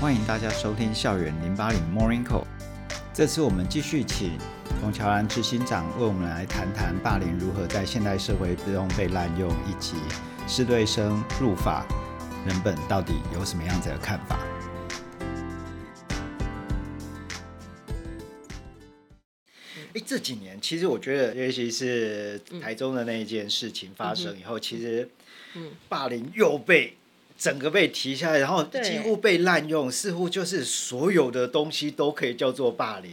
歡迎大家收聽《校園零八零 Morning Call》。這次我們繼續請馮喬蘭執行長為我們來談談霸凌如何在現代社會之中被濫用，以及師對生入法人本到底有什麼樣子的看法。哎，這幾年其實我覺得，尤其是台中的那一件事情發生以後，其實霸凌又被。整個被提下來，然後幾乎被濫用，對似乎就是所有的東西都可以叫做霸凌。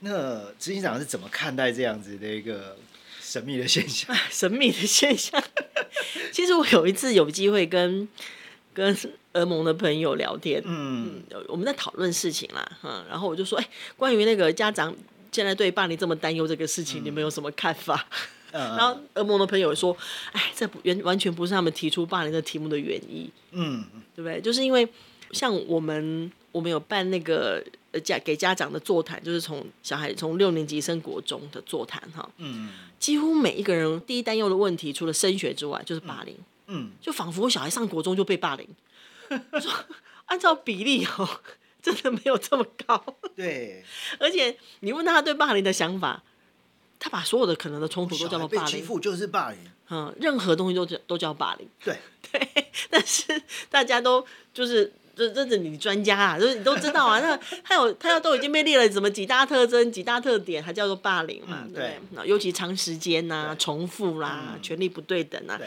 那執行長是怎麼看待這樣子的一個神秘的現象？哎、神秘的現象， 其實我有一次有機會跟跟兒盟的朋友聊天，嗯，嗯，我們在討論事情啦、嗯，然後我就說，哎，關於那個家長現在對霸凌這麼擔憂這個事情，嗯、你們有什麼看法？然後，兒盟、uh, 的朋友說：“哎，這不完全不是他們提出霸凌的題目的原因，嗯，對不對？就是因為像我們，我們有辦那個呃家給家長的座談，就是從小孩從六年級升國中的座談，哈、嗯，嗯幾乎每一個人第一擔憂的問題，除了升學之外，就是霸凌，嗯，嗯就仿佛小孩上國中就被霸凌。按照比例哦，真的沒有這麼高，對，而且你問他對霸凌的想法。”他把所有的可能的衝突都叫做霸凌，欺負就是霸凌，嗯，任何東西都叫都叫霸凌，對對，但是大家都就是認這你女專家啊，就是你都知道啊， 那還有他要都已經被列了什麼幾大特徵、幾大特點，還叫做霸凌嘛？嗯、對，那對尤其長時間啊，對重複啦、啊、嗯、權力不對等啊。對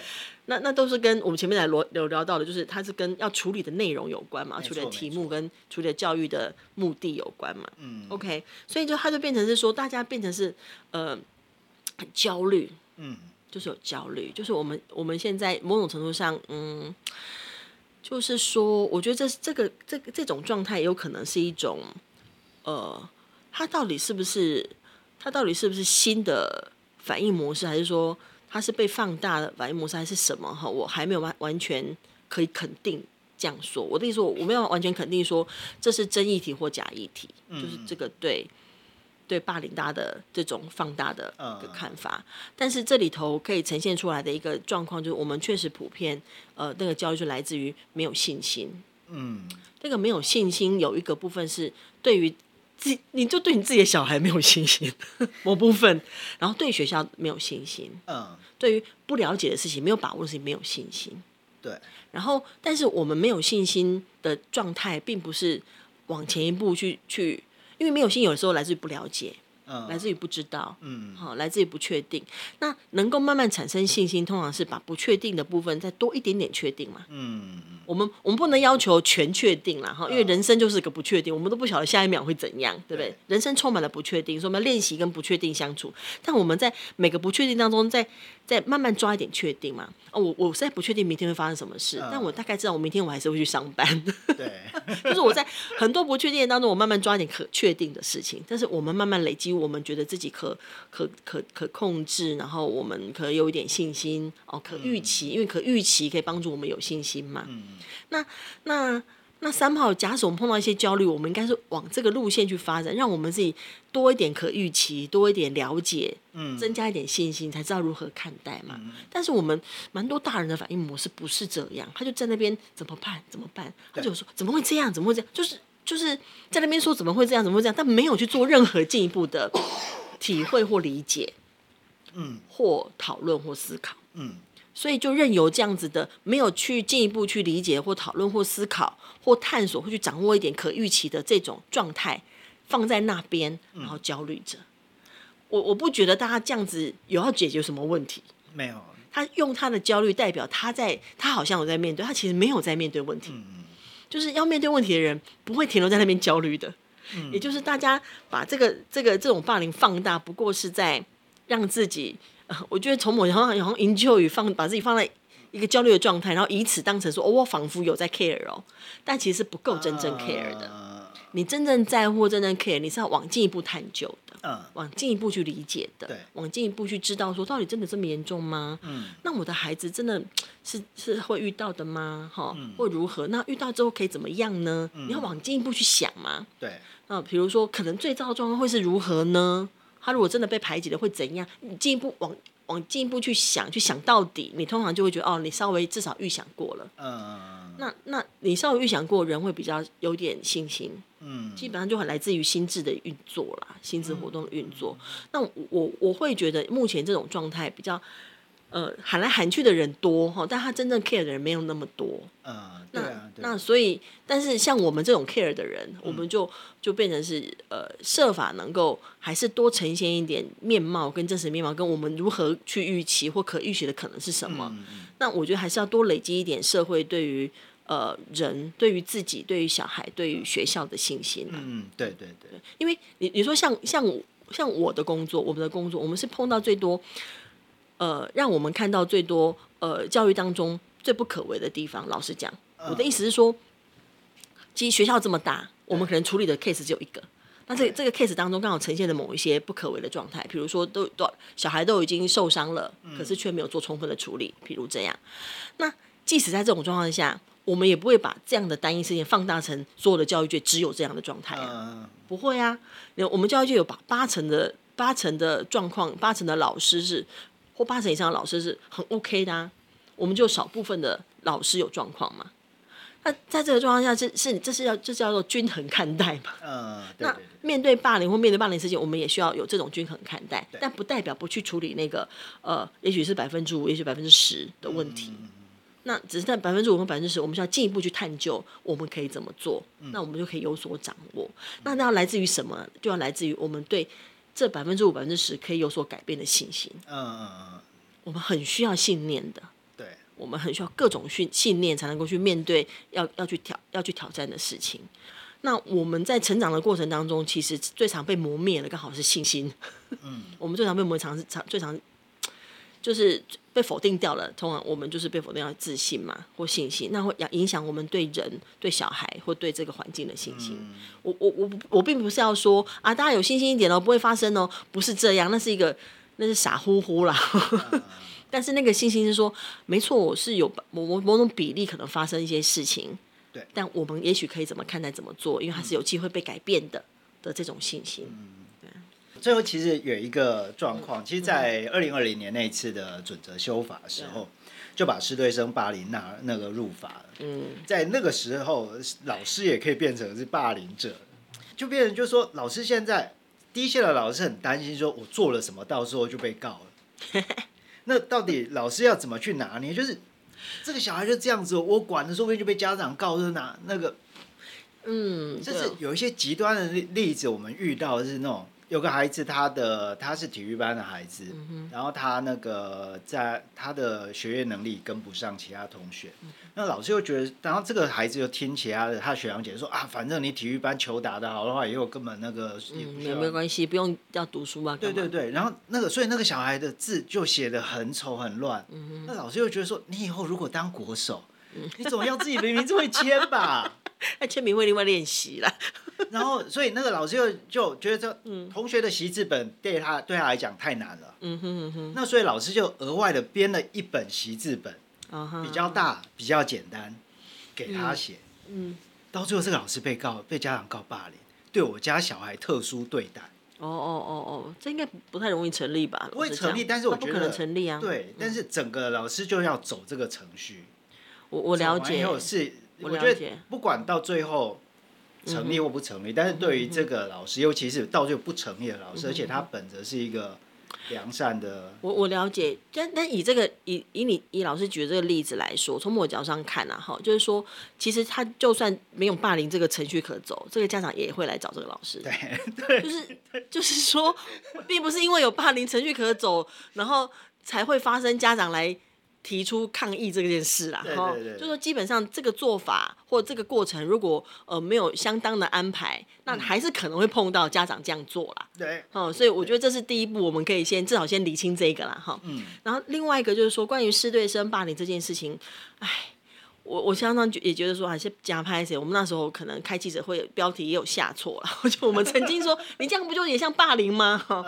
那那都是跟我們前面來聊聊到的，就是它是跟要處理的內容有關嘛，錯處理的題目跟處理的教育的目的有關嘛。嗯，OK，所以就他就變成是說，大家變成是呃很焦慮，嗯，就是有焦慮，就是我們、嗯、我們現在某種程度上，嗯，就是說，我覺得這這個這個這種狀態也有可能是一種，呃，他到底是不是他到底是不是新的反應模式，還是說？它是被放大的反應模式還是什麼？哈，我還沒有完完全可以肯定這樣說。我的意思，我我沒有完全肯定說這是真議題或假議題，就是這個對對霸凌大的這種放大的看法。但是這裡頭可以呈現出來的一個狀況，就是我們確實普遍呃那個教育就來自於沒有信心。嗯，這個沒有信心有一個部分是對於。你就對你自己的小孩沒有信心，某部分，然後對學校沒有信心，嗯，對於不了解的事情、沒有把握的事情沒有信心，對。然後，但是我們沒有信心的狀態，並不是往前一步去去，因為沒有信心，有的時候來自於不了解。來自於不知道，嗯，好，來自於不確定。那能夠慢慢產生信心，嗯、通常是把不確定的部分再多一點點確定嘛。嗯，我們我們不能要求全確定啦哈，因為人生就是個不確定，我們都不曉得下一秒會怎樣，對不對？對人生充滿了不確定，所以我們要練習跟不確定相處。但我們在每個不確定當中在，在再慢慢抓一點確定嘛。哦，我我現在不確定明天會發生什麼事，嗯、但我大概知道我明天我還是會去上班。對， 就是我在很多不確定的當中，我慢慢抓一點可確定的事情。但是我們慢慢累積，我們覺得自己可可可可控制，然後我們可有一點信心哦，可預期，嗯、因為可預期可以幫助我們有信心嘛。嗯、那那那三號假使我們碰到一些焦慮，我們應該是往這個路線去發展，讓我們自己多一點可預期，多一點了解，嗯、增加一點信心，才知道如何看待嘛。嗯、但是我們蠻多大人的反應模式不是這樣，他就在那邊怎麼辦？怎麼辦？他就說對怎麼會這樣？怎麼會這樣？就是。就是在那邊說怎麼會這樣怎麼會這樣，但沒有去做任何進一步的體會或理解，嗯，或討論或思考，嗯，所以就任由這樣子的，沒有去進一步去理解或討論或思考或探索，或去掌握一點可預期的這種狀態，放在那邊，然後焦慮着。我我不覺得大家這樣子有要解決什麼問題，沒有。他用他的焦慮代表他在他好像有在面對，他其實沒有在面對問題。嗯就是要面對問題的人不會停留在那邊焦慮的，嗯、也就是大家把這個這個這種霸凌放大，不過是在讓自己，呃、我覺得從某然後然後營救與放把自己放在一個焦慮的狀態，然後以此當成說、哦、我仿佛有在 care 哦，但其實是不夠真正 care 的，啊、你真正在乎、真正 care，你是要往進一步探究。嗯，往進一步去理解的，對，往進一步去知道說，到底真的這麼嚴重嗎？嗯，那我的孩子真的是是，是會遇到的嗎？哈，嗯，會如何？那遇到之後可以怎麼樣呢？嗯，你要往進一步去想嘛。對，那，啊，比如說，可能最糟的狀況會是如何呢？他如果真的被排擠了，會怎樣？你進一步往往進一步去想，去想到底，你通常就會覺得，哦，你稍微至少預想過了。嗯。那那，你稍微預想過，人會比較有點信心。嗯。基本上就很來自於心智的運作啦，心智活動的運作。嗯，那我我，我會覺得目前這種狀態比較。呃，喊來喊去的人多哈，但他真正 care 的人沒有那麼多。呃，對啊、對。那，那所以，但是像我們這種 care 的人，嗯。我們就就變成是呃，設法能夠還是多呈現一點面貌跟真實面貌，跟我們如何去預期或可預期的可能是什麼？嗯。那我覺得還是要多累積一點社會對於呃人、對於自己、對於小孩、對於學校的信心啊。嗯嗯，對對對，因為你你說像像像我的工作，我們的工作，我們是碰到最多。呃，讓我們看到最多呃，教育當中最不可為的地方。老實講，uh, 我的意思是說，其實學校這麼大，對我們可能處理的 case 只有一個。但是這個 case 當中剛好呈現了某一些不可為的狀態，比如說都，都小孩都已經受傷了，可是卻沒有做充分的處理，嗯、譬如這樣。那即使在這種狀況下，我們也不會把這樣的單一事件放大成所有的教育界只有這樣的狀態啊，uh, 不會啊。我們教育界有八八成的八成的狀況，八成的老師是。或八成以上的老師是很 OK 的、啊，我們就少部分的老師有狀況嘛。那在這個狀況下，是是這是要這叫做均衡看待嘛。呃、對對對，那面對霸凌或面對霸凌事件，我們也需要有這種均衡看待，對但不代表不去處理那個呃，也許是百分之五，也許百分之十的問題。嗯、那只是在百分之五和百分之十，我們需要進一步去探究我們可以怎麼做，那我們就可以有所掌握。那、嗯、那要來自於什麼？就要來自於我們對。這百分之五、百分之十可以有所改變的信心。嗯、uh, uh, uh, 我們很需要信念的。對，我們很需要各種信信念才能夠去面對要要去挑要去挑戰的事情。那我們在成長的過程當中，其實最常被磨滅的，剛好是信心。 嗯，我們最常被磨滅，是常，常最常。就是被否定掉了，通常我們就是被否定掉自信嘛，或信心，那會影響我們對人、對小孩或對這個環境的信心。我我我我並不是要說啊，大家有信心一點哦，不會發生哦，不是這樣，那是一個那是傻乎乎啦。 但是那個信心是說，沒錯，我是有某某某種比例可能發生一些事情，對，但我們也許可以怎麼看待、怎麼做，因為它是有機會被改變的的這種信心。最後其實有一個狀況，嗯、其實，在二零二零年那一次的準則修法的時候，嗯、就把師對生霸凌那那個入法了。嗯，在那個時候，老師也可以變成是霸凌者，就變成就是說，老師現在第一線的老師很擔心，說我做了什麼，到時候就被告了。呵呵，那到底老師要怎麼去拿捏？就是這個小孩就這樣子，我管的，說不定就被家長告，就是拿那個，嗯，就是有一些極端的例例子，我們遇到的是那種。有個孩子，他的他是體育班的孩子，嗯、哼然後他那個在他的學業能力跟不上其他同學，嗯、那老師又覺得，然後這個孩子又聽其他的，他學長姐、姐說啊，反正你體育班球打得好的話，也有根本那個，也、嗯、沒關係，不用要讀書嘛，對對對，然後那個所以那個小孩的字就寫得很醜很亂，嗯、哼那老師又覺得說，你以後如果當國手。 你總要自己的名字會簽吧？簽名 會另外練習啦。然後，所以那個老師就覺得這同學的習字本對他對他來講太難了。嗯哼 那所以老師就額外的編了一本習字本， 比較大， 比較簡單，給他寫。嗯。 到最後，這個老師被告被家長告霸凌，對我家小孩特殊對待。哦哦哦哦，這應該不太容易成立吧？不會成立，但是我覺得可能成立啊。對，嗯、但是整個老師就要走這個程序。我我了解，我了解。了解，不管到最後成立或不成立，嗯、哼但是對於這個老師，嗯、哼尤其是到最後不成立的老師，嗯、哼而且他本着是一個良善的我。我我了解，但但以這個以以你以老師舉的這個例子來說，從我角上看啊，哈，就是說，其實他就算沒有霸凌這個程序可走，這個家長也會來找這個老師。對對。對就是就是說，並不是因為有霸凌程序可走，然後才會發生家長來提出抗議這件事啦，哈，就是說基本上這個做法或這個過程，如果呃沒有相當的安排，嗯、那還是可能會碰到家長這樣做啦，對，哦、嗯，所以我覺得這是第一步，我們可以先對至少先理清這一個啦，哈，嗯，然後另外一個就是說關於師對生霸凌這件事情，唉。我我相當也覺得說還是加拍一些？我們那時候可能開記者會，標題也有下錯了。就我們曾經說， 你這樣不就也像霸凌嗎？哦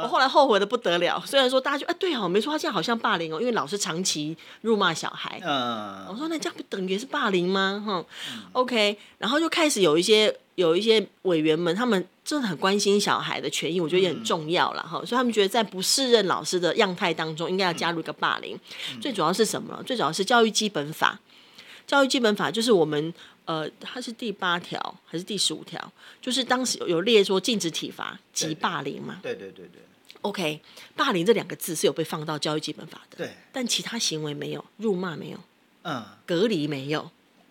uh, 我後來後悔的不得了。雖然說大家就哎、欸、對啊、哦，沒錯，他這樣好像霸凌哦，因為老師長期辱罵小孩。嗯，uh, 我說那這樣不等於是霸凌嗎？哼 OK 然後就開始有一些有一些委員們，他們真的很關心小孩的權益，我覺得也很重要了哈、嗯嗯哦。所以他們覺得在不適任老師的樣態當中，應該要加入一個霸凌。嗯、最主要是什麼？最主要是教育基本法。教育基本法就是我們呃，它是第八條還是第十五條？就是當時有列說禁止體罰及霸凌嘛？對對,對對對對。OK，霸凌這兩個字是有被放到教育基本法的。對。但其他行為沒有，辱罵沒有，嗯、隔離沒有，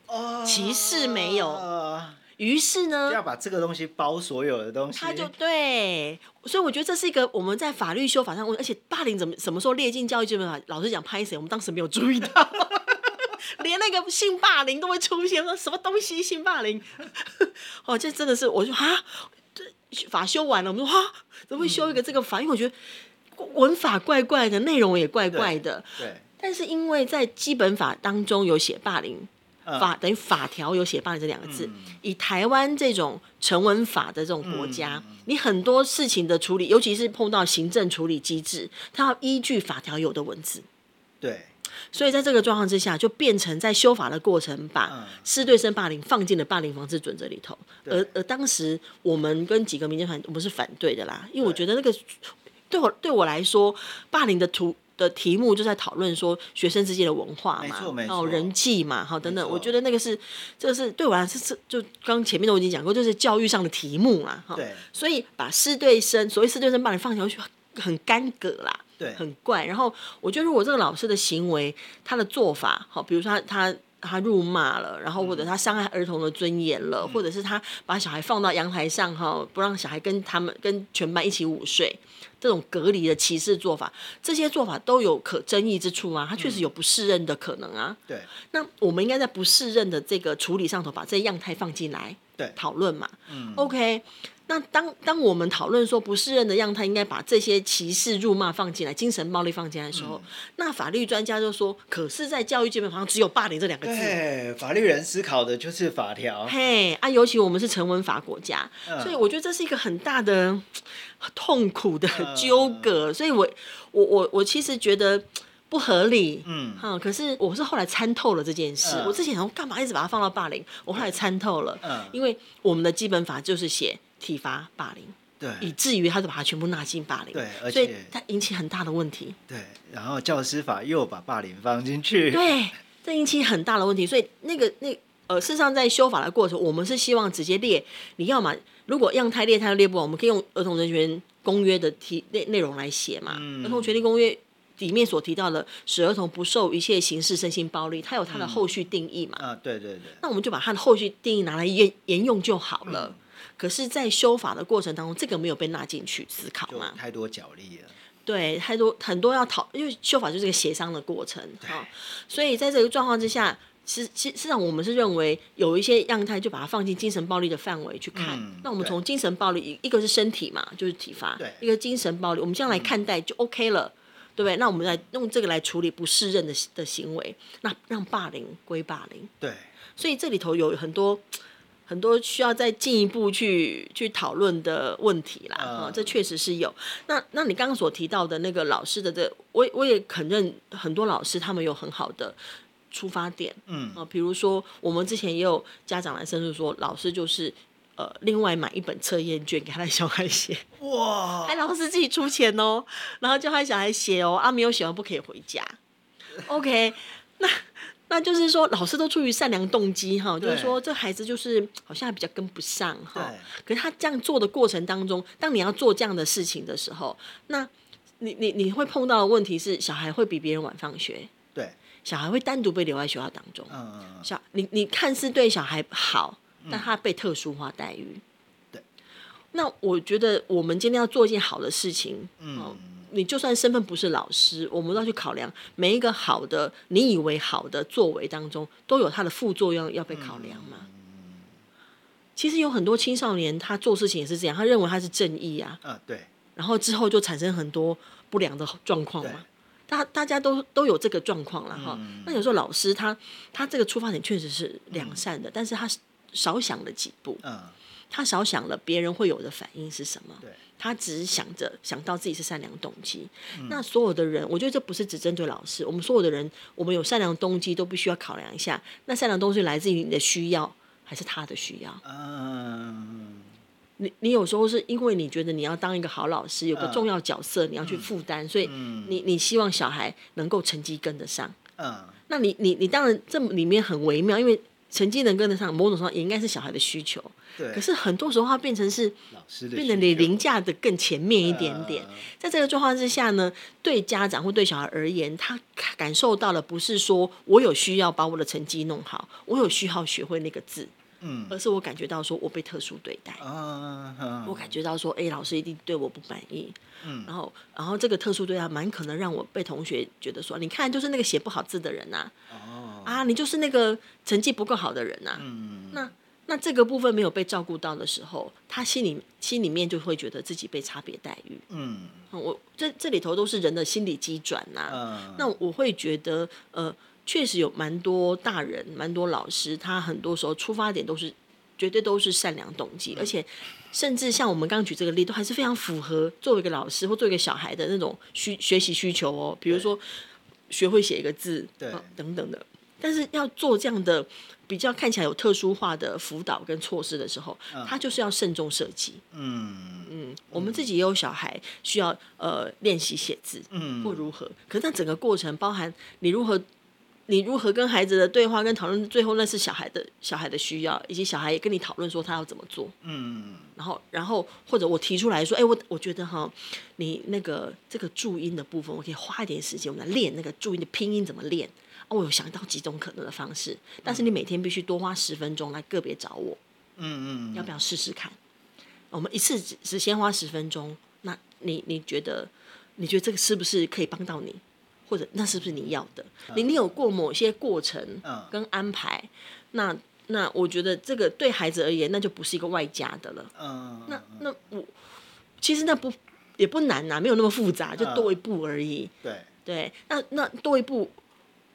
哦、呃，歧視沒有。呃、於是呢，要把這個東西包所有的東西，他就對，所以我覺得這是一個我們在法律修法上，而且霸凌怎麼什麼時候列進教育基本法？老實講，拍謝？我們當時沒有注意到。 連那個性霸凌都會出現，說什麼東西性霸凌？哦、 啊，這真的是我說啊，法修完了，我們說啊，怎麼會修一個這個法？嗯、因為我覺得文法怪怪的，內容也怪怪的。對。對但是因為在基本法當中有寫霸凌、嗯、法，等於法條有寫霸凌這兩個字。嗯、以台灣這種成文法的這種國家，嗯、你很多事情的處理，尤其是碰到行政處理機制，它要依據法條有的文字。對。所以在這個狀況之下，就變成在修法的過程，把師對生霸凌放進了霸凌防治準則裡頭。嗯、而而當時我們跟幾個民間團，我們是反對的啦，嗯、因為我覺得那個對我對我來說，霸凌的圖的題目就在討論說學生之間的文化嘛，哦人際嘛，好等等。錯我覺得那個是，這個是對我來是是就剛前面都已經講過，就是教育上的題目啦。哈對，所以把師對生所謂師對生霸凌放進去，很干戈啦。對很怪，然後我覺得，如果這個老師的行為，他的做法，好，比如說他他他辱罵了，然後或者他傷害兒童的尊嚴了，嗯、或者是他把小孩放到陽台上哈，不讓小孩跟他們跟全班一起午睡，這種隔離的歧視做法，這些做法都有可爭議之處啊，他確實有不適任的可能啊。嗯、對，那我們應該在不適任的這個處理上頭，把這些樣態放進來。討論對嘛、嗯、，OK。那當當我們討論說不適任的樣態他應該把這些歧視、辱罵放進來，精神暴力放進來的時候，嗯、那法律專家就說：“可是，在教育界面好像只有霸凌這兩個字。”對，法律人思考的就是法條。嘿、hey, 啊，尤其我們是成文法國家，嗯、所以我覺得這是一個很大的痛苦的糾葛。嗯、所以我，我，我，我其實覺得。不合理，嗯，哈、嗯，可是我是後來參透了這件事。呃、我之前想說幹嘛一直把它放到霸凌，我後來參透了，嗯、呃，因為我們的基本法就是寫體罰霸凌，對，以至於他就把它全部納進霸凌，對，所以它引起很大的問題，對。然後教師法又把霸凌放進去，對，這引起很大的問題。所以那個那呃，事實上在修法的過程，我們是希望直接列，你要嘛，如果樣態列，它又列不完，我們可以用兒童人權公約的題內內容來寫嘛，兒童權利公約裡面所提到的使兒童不受一切形式身心暴力，它有它的後續定義嘛？嗯、啊，對對對。那我們就把它的後續定義拿來沿沿用就好了。嗯、可是，在修法的過程當中，這個沒有被納進去思考嘛？太多角力了。對，太多很多要討，因為修法就是一個協商的過程。對、哦。所以，在這個狀況之下，實實實際上，我們是認為有一些樣態，就把它放進精神暴力的範圍去看。嗯、那我們從精神暴力，一個是身體嘛，就是體罰，對一個是精神暴力，我們這樣來看待就 OK 了。嗯對不對？那我們來用這個來處理不適任的的行為，那讓霸凌歸霸凌。對。所以這裡頭有很多很多需要再進一步去去討論的問題啦。啊、嗯，這確實是有。那那你剛剛所提到的那個老師的這個，我我也肯認很多老師他們有很好的出發點。嗯。啊，比如說我們之前也有家長來申訴說，老師就是。呃，另外買一本測驗卷給他小孩寫，哇，還、哎、老師自己出錢哦、喔，然後叫他小孩寫哦、喔，啊沒有寫完不可以回家，OK，那那就是說老師都出於善良動機哈、喔，對就是說這孩子就是好像還比較跟不上哈、喔，對可是他這樣做的過程當中，當你要做這樣的事情的時候，那你你你會碰到的問題是小孩會比別人晚放學，對，小孩會單獨被留在學校當中，嗯，小你你看似對小孩好。但他被特殊化待遇，嗯、對。那我覺得我們今天要做一件好的事情，嗯、哦，你就算身份不是老師，我們都要去考量每一個好的你以為好的作為當中，都有它的副作用要被考量嘛。嗯、其實有很多青少年他做事情也是這樣，他認為他是正義啊，啊對，然後之後就產生很多不良的狀況嘛。大對大家都都有這個狀況了哈、嗯哦。那有時候老師他他這個出發點確實是良善的，嗯、但是他。少想了幾步，他少想了別人會有的反應是什麼？他只是想着想到自己是善良動機。那所有的人，我覺得這不是只針對老師，我們所有的人，我們有善良動機都必須要考量一下。那善良動機來自於你的需要還是他的需要？你你有時候是因為你覺得你要當一個好老師，有個重要角色，你要去負擔，所以你你希望小孩能夠成績跟得上。嗯，那你你你當然這裡面很微妙，因為。成績能跟得上，某種程度上也應該是小孩的需求。對。可是很多時候它變成是老師變得你凌駕的更前面一點點。呃、在這個狀況之下呢，對家長或對小孩而言，他感受到的不是說我有需要把我的成績弄好，我有需要學會那個字。嗯。而是我感覺到說我被特殊對待。嗯、我感覺到說，哎，老師一定對我不滿意。嗯、然後，然後這個特殊對待，蠻可能讓我被同學覺得說，你看，就是那個寫不好字的人吶、啊。嗯。啊，你就是那個成績不夠好的人呐、啊。嗯，那那這個部分沒有被照顧到的時候，他心裡心裡面就會覺得自己被差別待遇。嗯，嗯，我這這裡頭都是人的心理機轉呐、啊。嗯，那我會覺得，呃，確實有蠻多大人、蠻多老師，他很多時候出發點都是絕對都是善良動機，嗯、而且甚至像我們剛舉這個例，都還是非常符合作為一個老師或作為一個小孩的那種需學習需求哦。比如說，學會寫一個字，對，嗯嗯、等等的。但是要做這樣的比較看起來有特殊化的輔導跟措施的時候，他就是要慎重設計。嗯嗯，嗯，我們自己也有小孩需要呃，練習寫字，嗯，或如何？可是那整個過程包含你如何，你如何跟孩子的對話跟討論，最後那是小孩的小孩的需要，以及小孩也跟你討論說他要怎麼做。嗯，然後然後或者我提出來說，哎、欸，我我覺得哈，你那個這個注音的部分，我可以花一點時間，我們來練那個注音的拼音怎麼練。我有想到幾種可能的方式，但是你每天必須多花十分鐘來個別找我。嗯嗯，嗯嗯要不要試試看？我們一次只，只先花十分鐘，那你你覺得，你覺得這個是不是可以幫到你？或者那是不是你要的？你你有過某些過程跟安排。嗯、那那我覺得這個對孩子而言，那就不是一個外加的了。嗯，那那我其實那不也不難吶、啊，沒有那麼複雜，就多一步而已。嗯、對對，那那多一步。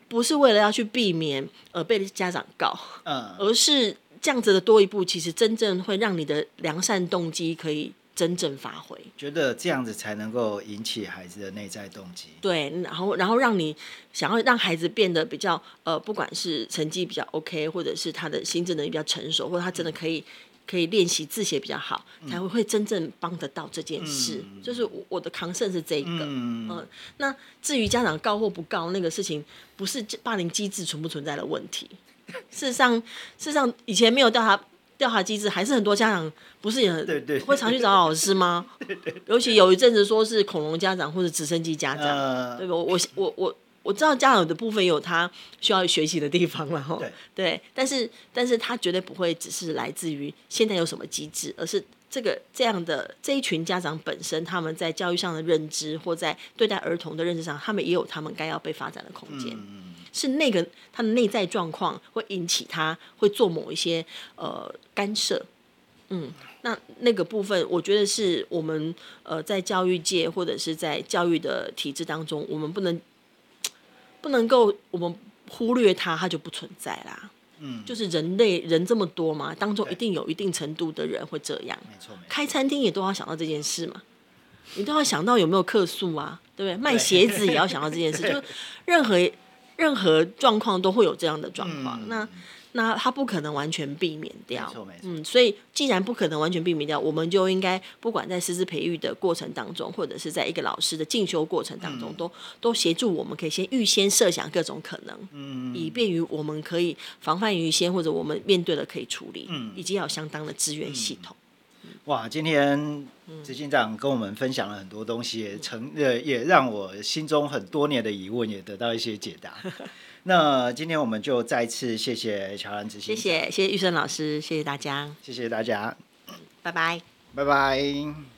不是為了要去避免而被家長告，嗯，而是這樣子的多一步，其實真正會讓你的良善動機可以真正發揮。覺得這樣子才能夠引起孩子的內在動機。對，然後然後讓你想要讓孩子變得比較呃，不管是成績比較 OK，或者是他的心智能力比較成熟，或者他真的可以，可以練習字寫比較好，才會會真正幫得到這件事。嗯、就是我的扛勝是這一個。嗯，嗯，那至於家長告或不告那個事情，不是霸凌機制存不存在的問題。 事實上，事實上以前沒有調查調查機制，還是很多家長不是也很 會常去找老師嗎？ 尤其有一陣子說是恐龍家長或者直升機家長， 對吧？我我我。我我知道家長的部分有他需要學習的地方了哈，對，對，但是但是他絕對不會只是來自於現在有什麼機制，而是這個這樣的這一群家長本身他們在教育上的認知或在對待兒童的認知上，他們也有他們該要被發展的空間，嗯，是那個他的內在狀況會引起他會做某一些呃干涉，嗯，那那個部分我覺得是我們呃在教育界或者是在教育的體制當中，我們不能。不能夠我們忽略它，它就不存在啦。嗯，就是人類人這麼多嘛，當中一定有一定程度的人會這樣。沒錯對，開餐廳也都要想到這件事嘛，錯你都要想到有沒有客訴啊， 對不對？賣鞋子也要想到這件事，對就是任何任何狀況都會有這樣的狀況。嗯，那。那它不可能完全避免掉，嗯，所以既然不可能完全避免掉，我們就應該不管在師資培育的過程當中，或者是在一個老師的進修過程當中，嗯、都都協助我們可以先預先設想各種可能，嗯，以便於我們可以防範於先，或者我們面對的可以處理，嗯，以及要有相當的資源系統。嗯嗯、哇，今天執行長跟我們分享了很多東西，嗯、也成呃也讓我心中很多年的疑問也得到一些解答。 那今天我們就再次謝謝喬蘭執行長，謝謝謝謝玉生老師，謝謝大家，謝謝大家，拜拜，拜拜。